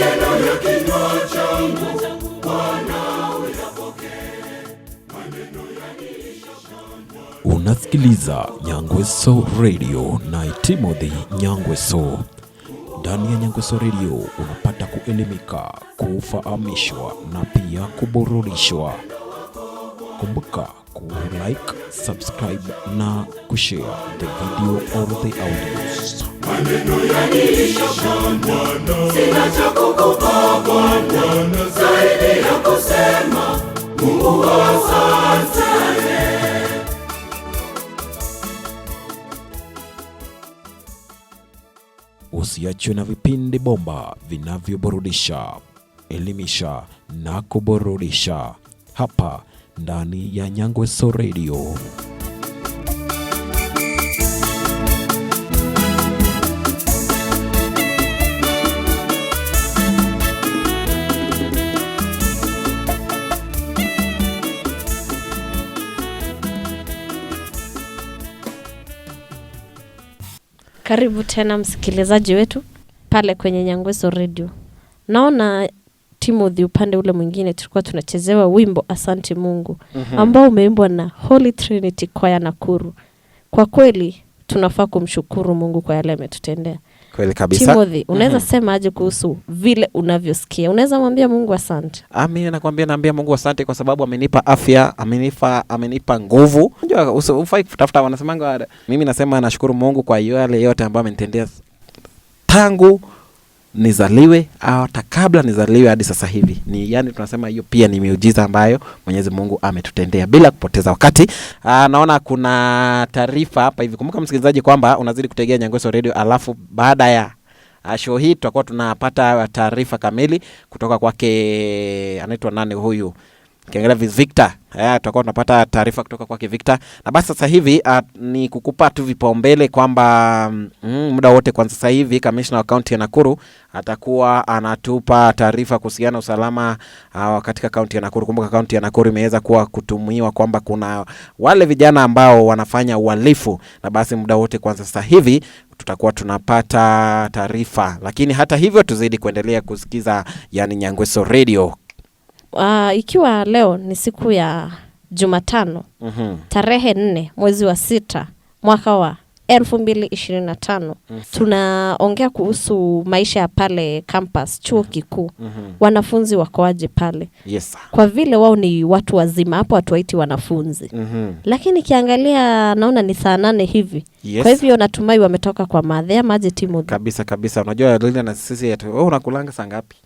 maneno ya kinywa changu Bwana uyapokee, maneno yaniishashangaa. Unasikiliza Nyangweso Radio na Timothy Nyangweso. Ndani ya Nyangweso Radio unapata kuelimika, kufahamishwa na pia kuburudishwa. Kumbuka kulike, subscribe na kushare the video or the audio kwa Bwana zaidi ya kusema Mungu asante. Usiachwe na vipindi bomba vinavyoburudisha, elimisha na kuburudisha hapa ndani ya Nyangweso Radio. Karibu tena msikilizaji wetu pale kwenye Nyangwezo Radio. Naona Timothy, upande ule mwingine tulikuwa tunachezewa wimbo Asante Mungu mm -hmm. ambao umeimbwa na Holy Trinity Kwaya Nakuru. Kwa kweli tunafaa kumshukuru Mungu kwa yale ametutendea. Kweli kabisa. Timothy, unaweza mm -hmm. sema aje kuhusu vile unavyosikia? Unaweza mwambia Mungu asante. Ah, mimi nakwambia, naambia Mungu asante kwa sababu amenipa afya, amenipa amenipa nguvu. Unajua ufai kutafuta, wanasemanga. Mimi nasema nashukuru Mungu kwa yale yote ambayo amenitendea tangu nizaliwe hata kabla nizaliwe hadi sasa hivi ni yani, tunasema hiyo pia ni miujiza ambayo Mwenyezi Mungu ametutendea. Bila kupoteza wakati, aa, ah, naona kuna taarifa hapa hivi. Kumbuka msikilizaji kwamba unazidi kutegea Nyangoso Radio, alafu baada ya ah, show hii tutakuwa tunapata taarifa kamili kutoka kwake, anaitwa nani huyu Kiangalia Victor, eh, tutakuwa tunapata taarifa kutoka kwake Victor. Na basi sasa hivi uh, ni kukupa tu vipaumbele kwamba mm, muda wote kwanza sasa hivi kamishna wa kaunti ya Nakuru atakuwa anatupa taarifa kuhusiana na usalama uh, katika kaunti ya Nakuru. Kumbuka kaunti ya Nakuru imeweza kuwa kutumiwa kwamba kuna wale vijana ambao wanafanya uhalifu, na basi muda wote kwanza sasa hivi tutakuwa tunapata taarifa, lakini hata hivyo tuzidi kuendelea kusikiza yani Nyangweso Radio uh, ikiwa leo ni siku ya Jumatano mm -hmm. tarehe nne mwezi wa sita mwaka wa elfu mbili ishirini na tano mm -hmm. tunaongea kuhusu maisha ya pale campus chuo mhm. kikuu mm -hmm. wanafunzi wakoaji pale? Yes. Kwa vile wao ni watu wazima hapo hatuwaiti wanafunzi mm -hmm. lakini kiangalia naona ni saa nane hivi yes. Kwa hivyo natumai wametoka kwa madhe maji timu kabisa kabisa. Unajua Lilian na sisi wewe oh, unakulanga saa ngapi?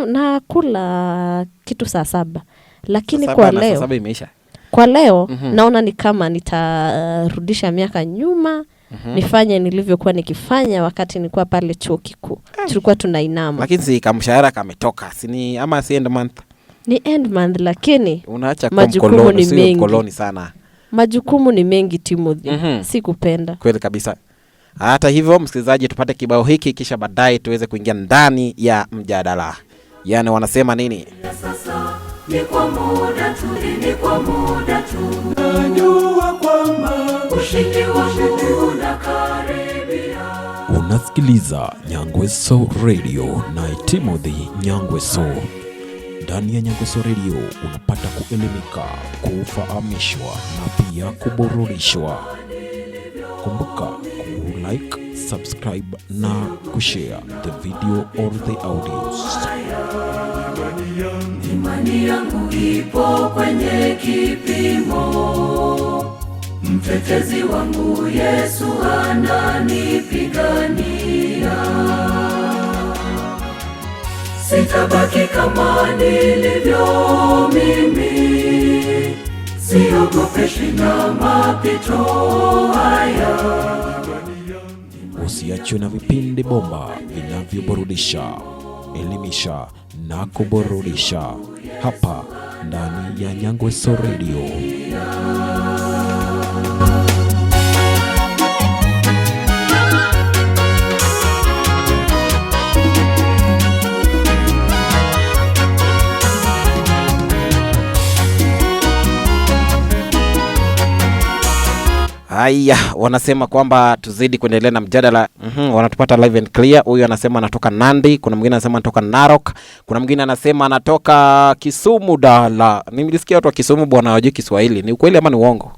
nakula kitu saa saba lakini saa saba kwa leo saba imeisha kwa leo mm -hmm. Naona ni kama nitarudisha miaka nyuma mm -hmm. Nifanye nilivyokuwa nikifanya wakati nilikuwa pale chuo kikuu, eh. tulikuwa tunainama, lakini si kamshahara kametoka, si ni ama si end month, ni end month, lakini unaacha majukumu ni mengi koloni sana, majukumu ni mengi Timothy. mm -hmm. kupenda kweli kabisa. Hata hivyo, msikilizaji, tupate kibao hiki kisha baadaye tuweze kuingia ndani ya mjadala yani wanasema nini? Unasikiliza Nyangweso Radio na Timothy Nyangweso. Ndani ya Nyangweso Radio unapata kuelimika, kufahamishwa na pia kuburudishwa. Kumbuka kulike, subscribe na kushare the video or the audios. Imani yangu ipo kwenye kipimo, mtetezi wangu Yesu ananipigania. Sitabaki kama nilivyo mimi usiogope mapito haya. Usiachwe na vipindi bomba vinavyoburudisha, elimisha na kuburudisha hapa ndani ya Nyangweso Radio. Haya, wanasema kwamba tuzidi kuendelea na mjadala. mm -hmm, wanatupata live and clear. Huyu anasema anatoka Nandi, kuna mwingine anasema anatoka Narok, kuna mwingine anasema anatoka Kisumu. Dala, nilisikia watu wa Kisumu bwana hawajui Kiswahili. Ni ukweli ama ni uongo?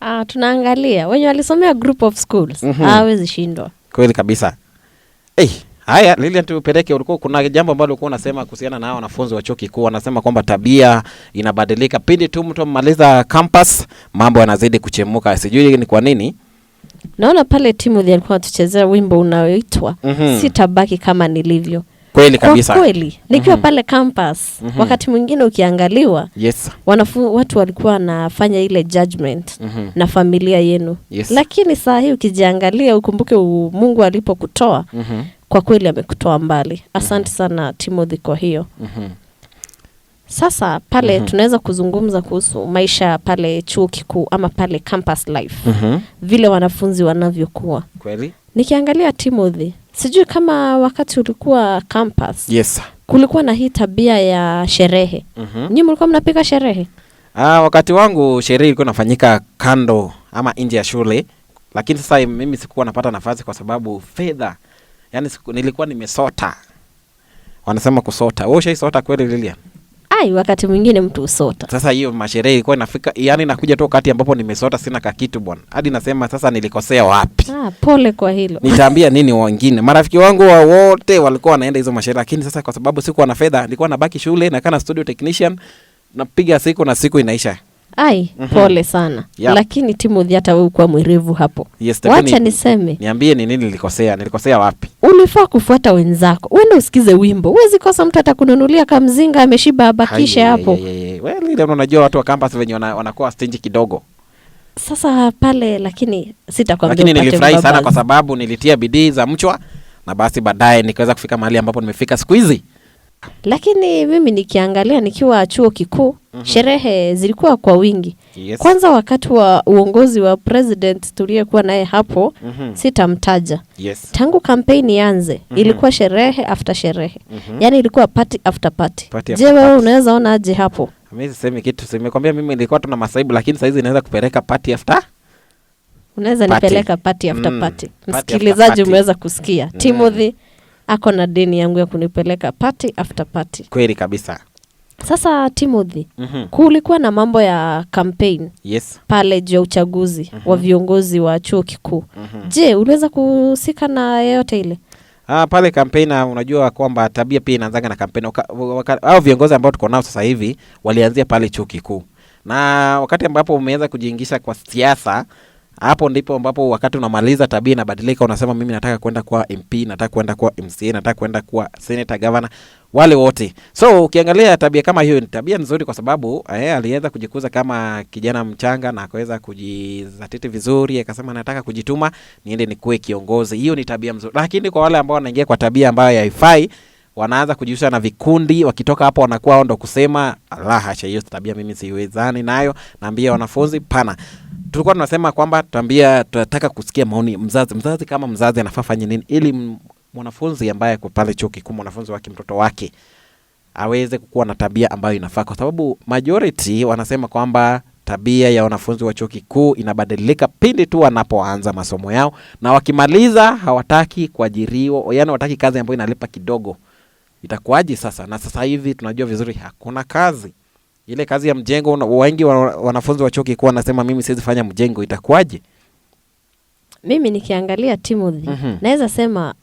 Ah, tunaangalia wenye walisomea group of schools hawezi mhm. mm -hmm. shindwa kweli kabisa hey. Haya, Lilian tupeleke, ulikuwa kuna jambo ambalo ulikuwa unasema kuhusiana na wanafunzi wa chuo kikuu, wanasema kwamba tabia inabadilika pindi tu mtu amaliza campus, mambo yanazidi kuchemuka, sijui ni kwa nini. Naona pale Timothy alikuwa anatuchezea wimbo unaoitwa mm -hmm. Sitabaki kama nilivyo. Kweli kabisa. Kwa kweli nikiwa mm -hmm. pale campus mm -hmm. wakati mwingine ukiangaliwa yes. wanafu, watu walikuwa wanafanya ile judgment mm -hmm. na familia yenu yes. Lakini saa hii ukijiangalia ukumbuke Mungu alipokutoa mm -hmm kwa kweli amekutoa mbali. Asante mhm. sana Timothy kwa hiyo mm -hmm. Sasa pale mm -hmm. tunaweza kuzungumza kuhusu maisha pale chuo kikuu ama pale campus life mm -hmm. vile wanafunzi wanavyokuwa kweli. Nikiangalia Timothy, sijui kama wakati ulikuwa campus yes. kulikuwa na hii tabia ya sherehe mm -hmm. nyinyi mlikuwa mnapika sherehe? Ah, wakati wangu sherehe ilikuwa inafanyika kando ama nje ya shule, lakini sasa mimi sikuwa napata nafasi kwa sababu fedha yani nilikuwa nimesota. Wanasema kusota. Wewe ushaisota kweli Lilian? Ai, wakati mwingine mtu usota. Sasa hiyo masherehe ilikuwa inafika, yani nakuja tu wakati ambapo nimesota, sina kakitu bwana, hadi nasema sasa nilikosea wapi? Ah, pole kwa hilo. Nitaambia nini wengine? Marafiki wangu wa wote walikuwa wanaenda hizo masherehe, lakini sasa kwa sababu sikuwa na fedha, nilikuwa nabaki shule na kana studio technician, napiga siku na siku inaisha. Ai, mm -hmm. Pole sana yep. Lakini Timothy, hata wewe ukuwa mwerevu hapo. Yes, wacha niseme, niambie ni nini nilikosea, nilikosea wapi? Ulifaa kufuata wenzako, uende usikize wimbo. Huwezi kosa mtu atakununulia kamzinga, ameshiba abakishe hapo. Well, ile unajua watu wa campus wenye wanakuwa stingy kidogo sasa pale, lakini sitakwambia. Lakini nilifurahi sana kwa sababu nilitia bidii za mchwa na basi baadaye nikaweza kufika mahali ambapo nimefika siku hizi. Lakini mimi nikiangalia nikiwa chuo kikuu mm -hmm. sherehe zilikuwa kwa wingi yes. Kwanza wakati wa uongozi wa president tuliyekuwa naye hapo mm -hmm. sitamtaja yes. Tangu kampeni yanze mm -hmm. ilikuwa sherehe after sherehe mm -hmm. yani ilikuwa party after party. Party after je, wewe unaweza ona aje hapo? Mimi sisemi kitu, simekwambia mimi ilikuwa tuna masaibu, lakini saizi inaweza kupeleka party after unaweza nipeleka party after mm. party. Msikilizaji, umeweza kusikia mm. Timothy mm ako na deni yangu ya kunipeleka party after party. Kweli kabisa. Sasa Timothy, mm -hmm. kulikuwa na mambo ya campaign yes. pale juu ya uchaguzi mm -hmm. wa viongozi wa chuo kikuu mm -hmm. Je, uliweza kuhusika na yeyote ile? Ah, pale campaign ah, unajua kwamba tabia pia inaanzaga na campaign. au viongozi ambao tuko nao sasa hivi walianzia pale chuo kikuu, na wakati ambapo umeanza kujiingisha kwa siasa hapo ndipo ambapo wakati unamaliza tabia inabadilika, unasema mimi nataka kwenda kuwa MP, nataka kwenda kuwa MCA, nataka kwenda kuwa senator, governor, wale wote. So ukiangalia tabia kama hiyo ni tabia nzuri, kwa sababu eh, aliweza kujikuza kama kijana mchanga na akaweza kujizatiti vizuri, akasema nataka kujituma, niende nikuwe kiongozi. Hiyo ni tabia mzuri lakini kwa wale ambao wanaingia kwa tabia ambayo yaifai wanaanza kujihusisha na vikundi, wakitoka hapo wanakuwa ndo kusema la hasha, hiyo tabia mimi siwezani nayo. Naambia wanafunzi pana tulikuwa tunasema kwamba tuambia, tunataka kusikia maoni mzazi. Mzazi kama mzazi anafaa fanye nini ili mwanafunzi ambaye ako pale chuo kikuu, mwanafunzi wake, mtoto wake aweze kukuwa na tabia ambayo inafaa, kwa sababu majority wanasema kwamba tabia ya wanafunzi wa chuo kikuu inabadilika pindi tu wanapoanza masomo yao, na wakimaliza hawataki kuajiriwa, yani wataki kazi ambayo inalipa kidogo. itakuaji sasa? Na sasa hivi tunajua vizuri hakuna kazi ile kazi ya mjengo wengi wanafunzi wa chuo kikuu wanasema mimi siwezi fanya mjengo, itakuwaje? Mimi nikiangalia Timothy mm -hmm. naweza sema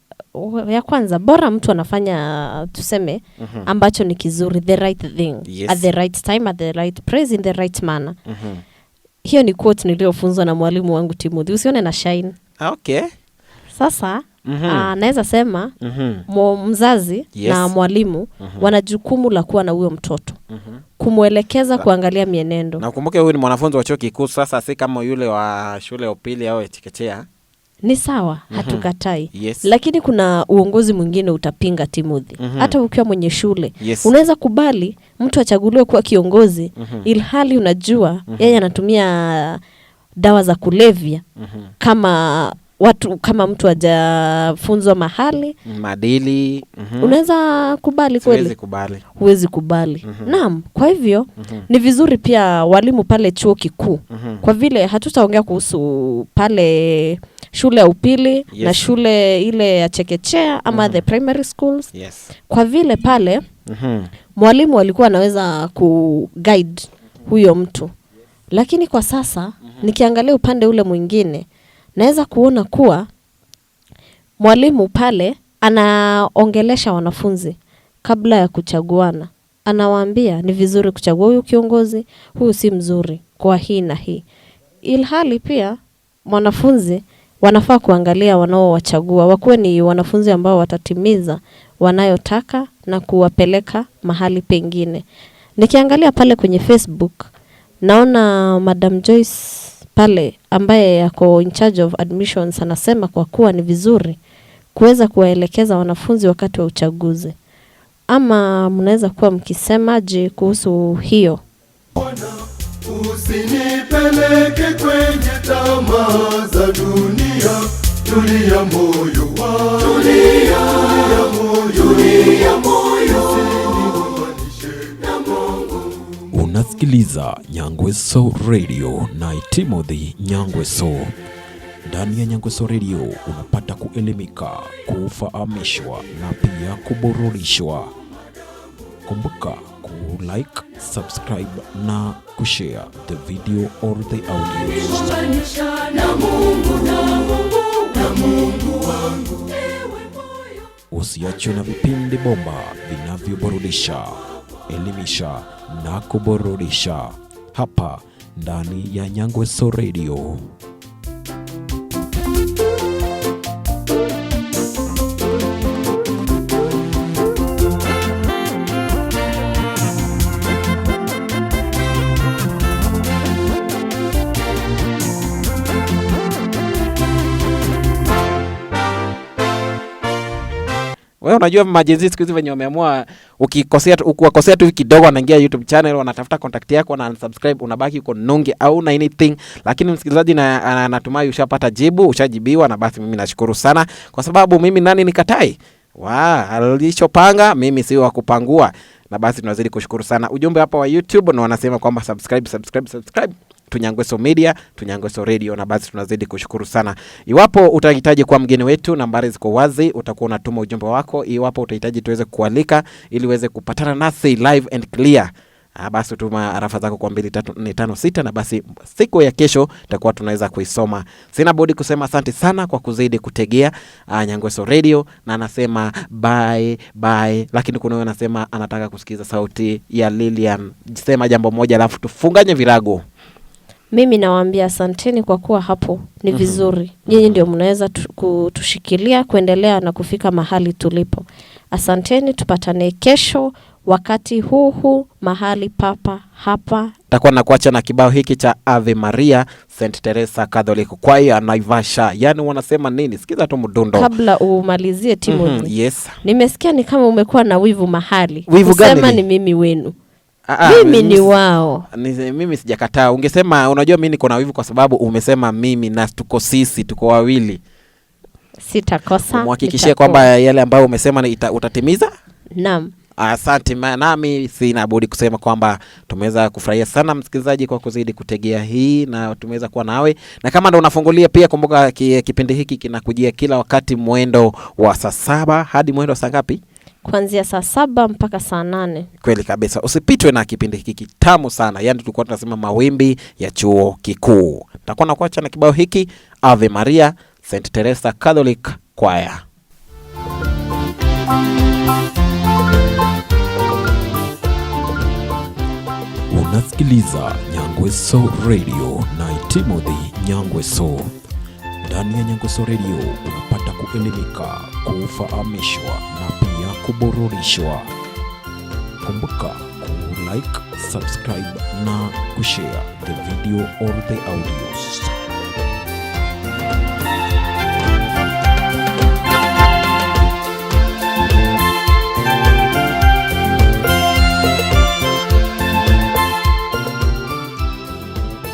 ya kwanza bora mtu anafanya tuseme mm -hmm. ambacho ni kizuri, the right thing yes. at the right time at the right place in the right manner mm -hmm. hiyo ni quote niliyofunzwa na mwalimu wangu Timothy, usione na shine. Ah, okay. Sasa Ah, mm -hmm. naweza sema mm -hmm. mzazi yes. na mwalimu mm -hmm. wana jukumu la kuwa na huyo mtoto mm -hmm. kumwelekeza kuangalia mienendo. Nakumbuke huyu ni mwanafunzi wa chuo kikuu, sasa si kama yule wa shule ya upili au chekechea. Ni sawa, mhm. hatukatai. mm -hmm. yes. Lakini kuna uongozi mwingine utapinga Timothy. mm -hmm. Hata ukiwa mwenye shule yes. unaweza kubali mtu achaguliwe kuwa kiongozi mm -hmm. ilhali unajua mm -hmm. yeye anatumia dawa za kulevya mm -hmm. kama watu kama mtu ajafunzwa mahali madili mm -hmm. Unaweza kubali kweli? Kubali huwezi kubali mm -hmm. Naam, kwa hivyo mm -hmm. Ni vizuri pia walimu pale chuo kikuu mm -hmm. Kwa vile hatutaongea kuhusu pale shule ya upili yes. Na shule ile ya chekechea ama mm -hmm. the primary schools yes. Kwa vile pale mm -hmm. Mwalimu alikuwa anaweza kuguide huyo mtu, lakini kwa sasa mm -hmm. Nikiangalia upande ule mwingine naweza kuona kuwa mwalimu pale anaongelesha wanafunzi kabla ya kuchaguana. Anawaambia ni vizuri kuchagua huyu kiongozi, huyu si mzuri kwa hii na hii. Ilhali pia mwanafunzi wanafaa kuangalia wanaowachagua wakuwe ni wanafunzi ambao watatimiza wanayotaka na kuwapeleka mahali pengine. Nikiangalia pale kwenye Facebook naona Madam Joyce pale ambaye yako in charge of admissions anasema kwa kuwa ni vizuri kuweza kuwaelekeza wanafunzi wakati wa uchaguzi, ama mnaweza kuwa mkisemaje kuhusu hiyo? Usinipeleke kwenye tamaa za dunia, tulia moyo wangu, tulia moyo, tulia moyo unasikiliza Nyangwe Soul Radio na Timothy Nyangwe Soul. Ndani ya Nyangwe Soul Radio unapata kuelimika, kufahamishwa na pia kuburudishwa. Kumbuka kulike, subscribe na kushare the video or the audio. Usiachwe na vipindi bomba vinavyoburudisha kuelimisha na kuburudisha hapa ndani ya Nyangweso Radio. wewe unajua majenzi siku hizi venye wameamua, ukikosea ukiwakosea tu kidogo, wanaingia YouTube channel wanatafuta contact yako na unsubscribe, unabaki uko nunge au na anything. Lakini msikilizaji, na natumai ushapata jibu, ushajibiwa, na basi mimi nashukuru sana, kwa sababu mimi nani nikatai wa wow, alichopanga mimi si wa kupangua, na basi tunazidi kushukuru sana ujumbe hapa wa YouTube na wanasema kwamba subscribe, subscribe, subscribe. Tunyangweso Media, Tunyangweso Radio. Na basi tunazidi kushukuru sana. Iwapo utahitaji kuwa mgeni wetu, nambari ziko wazi, utakuwa unatuma ujumbe wako. Iwapo utahitaji tuweze kualika ili uweze kupatana nasi live and clear ah, basi tuma arafa zako kwa mbili na basi siku ya kesho tutakuwa tunaweza kuisoma. Sina budi kusema asante sana kwa kuzidi kutegea ah, Nyangweso Radio, na anasema bye bye, lakini kuna huyo anasema anataka kusikiza sauti ya Lilian. Sema jambo moja alafu tufunganye virago. Mimi nawaambia asanteni kwa kuwa hapo, ni mhm. vizuri. Nyinyi ndio mnaweza kutushikilia kuendelea na kufika mahali tulipo. Asanteni, tupatane kesho wakati huu huu mahali papa hapa. Takuwa na kuacha na kibao hiki cha Ave Maria St Teresa Catholic Choir Naivasha. Yaani wanasema nini? Sikiza tu mdundo kabla umalizie timu. Mm -hmm, yes. Nimesikia ni kama umekuwa na wivu mahali. Wivu gani? ni mimi wenu. Ah, ah, mimi ni wao. Mimi sijakataa, ungesema unajua, mi niko na wivu kwa sababu umesema mimi na tuko sisi, tuko wawili. Sitakosa, muhakikishie kwamba yale ambayo umesema ita, utatimiza. Naam. Asante, nami sina budi kusema kwamba tumeweza kufurahia sana msikilizaji kwa kuzidi kutegea hii na tumeweza kuwa nawe, na kama ndo unafungulia pia, kumbuka kipindi hiki kinakujia kila wakati mwendo wa saa saba hadi mwendo wa saa ngapi? kuanzia saa saba mpaka saa nane. Kweli kabisa, usipitwe na kipindi hiki kitamu sana, yaani tulikuwa tunasema mawimbi ya chuo kikuu. Nitakuwa na kuacha na kibao hiki Ave Maria St Teresa Catholic Choir. Unasikiliza Nyangweso Radio na Timothy Nyangweso. Ndani ya Nyangweso Radio unapata kuelimika, kufahamishwa na kubururishwa Kumbuka ku like, subscribe na kushare the video or the audios.